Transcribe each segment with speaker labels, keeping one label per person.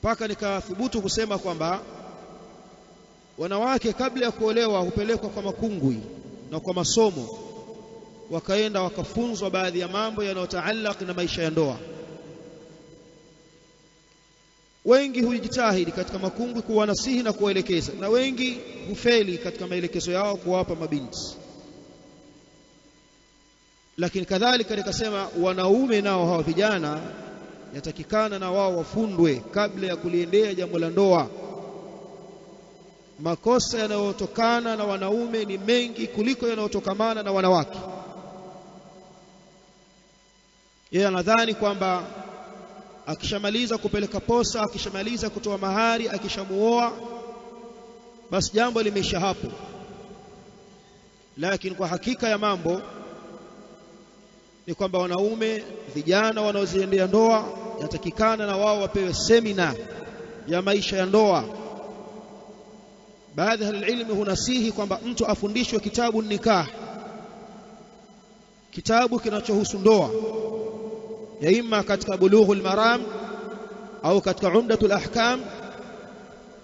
Speaker 1: mpaka nikathubutu kusema kwamba wanawake kabla ya kuolewa hupelekwa kwa makungwi na kwa masomo, wakaenda wakafunzwa baadhi ya mambo yanayotaallaq na maisha ya ndoa. Wengi hujitahidi katika makungwi kuwanasihi na kuwaelekeza, na wengi hufeli katika maelekezo yao kuwapa mabinti. Lakini kadhalika nikasema wanaume nao hawa vijana yatakikana na wao wafundwe kabla ya kuliendea jambo la ndoa. Makosa yanayotokana na wanaume ni mengi kuliko yanayotokamana na wanawake. Yeye anadhani kwamba akishamaliza kupeleka posa, akishamaliza kutoa mahari, akishamuoa basi jambo limeisha hapo. Lakini kwa hakika ya mambo ni kwamba wanaume vijana wanaoziendea ndoa yatakikana na wao wapewe semina ya maisha ya ndoa. Baadhi ya ahlililmi hunasihi kwamba mtu afundishwe kitabu nikah, kitabu kinachohusu ndoa, ya imma katika Bulughul Maram au katika Umdatul Ahkam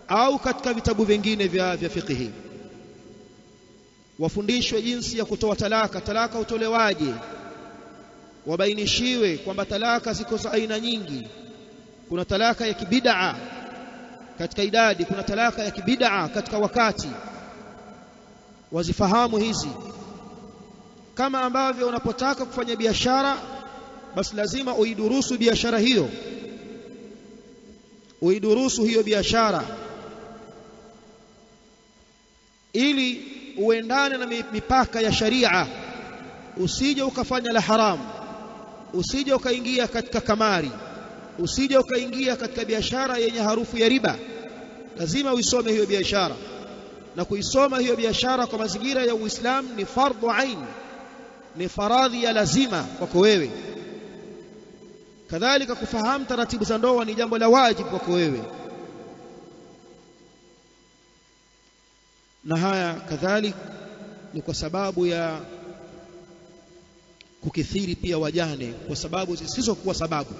Speaker 1: au katika vitabu vingine vya, vya fiqhi. Wafundishwe jinsi ya kutoa talaka, talaka utolewaje wabainishiwe kwamba talaka ziko za aina nyingi. Kuna talaka ya kibidaa katika idadi, kuna talaka ya kibidaa katika wakati. Wazifahamu hizi, kama ambavyo unapotaka kufanya biashara, basi lazima uidurusu biashara hiyo, uidurusu hiyo biashara ili uendane na mipaka ya sharia, usije ukafanya la haramu usije ukaingia katika kamari, usije ukaingia katika biashara yenye harufu ya riba. Lazima uisome hiyo biashara, na kuisoma hiyo biashara kwa mazingira ya Uislamu ni fardhu ain, ni faradhi ya lazima kwako wewe. Kadhalika, kufahamu taratibu za ndoa ni jambo la wajibu kwako wewe, na haya kadhalika ni kwa sababu ya kukithiri pia wajane kwa sababu zisizokuwa sababu